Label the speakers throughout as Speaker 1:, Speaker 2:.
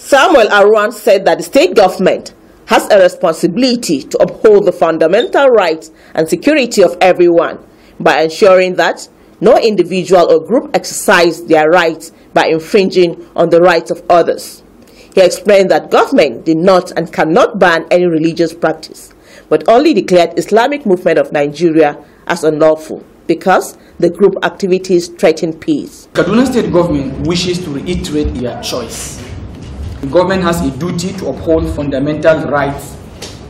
Speaker 1: Samuel Arwan said that the state government has a responsibility to uphold the fundamental rights and security of everyone by ensuring that no individual or group exercise their rights by infringing on the rights of others. He explained that government did not and cannot ban any religious practice, but only declared Islamic movement of Nigeria as unlawful because the group activities threaten peace.
Speaker 2: Kaduna State government wishes to reiterate their choice the government has a duty to uphold fundamental rights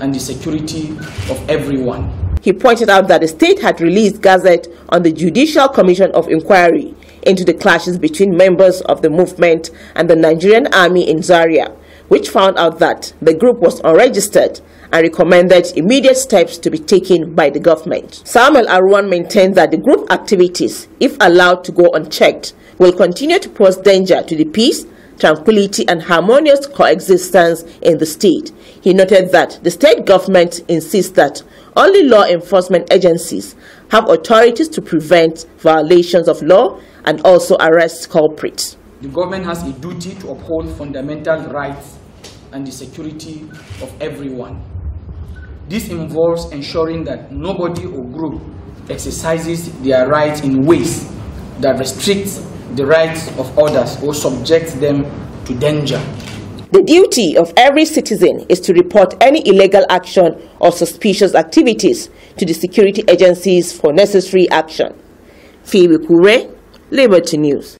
Speaker 2: and the security
Speaker 1: of everyone. He pointed out that the state had released Gazette on the Judicial Commission of Inquiry into the clashes between members of the movement and the Nigerian army in Zaria, which found out that the group was unregistered and recommended immediate steps to be taken by the government. Samuel Arwan maintains that the group activities, if allowed to go unchecked, will continue to pose danger to the peace tranquility and harmonious coexistence in the state. He noted that the state government insists that only law enforcement agencies have authorities to prevent violations of law and also arrest culprits.
Speaker 2: The government has a duty to uphold fundamental rights and the security of everyone. This involves ensuring that nobody or group exercises their rights in ways that restricts the rights of others or subject them to danger.
Speaker 1: The duty of every citizen is to report any illegal action or suspicious activities to the security agencies for necessary action. Phoebe Kure, Liberty News.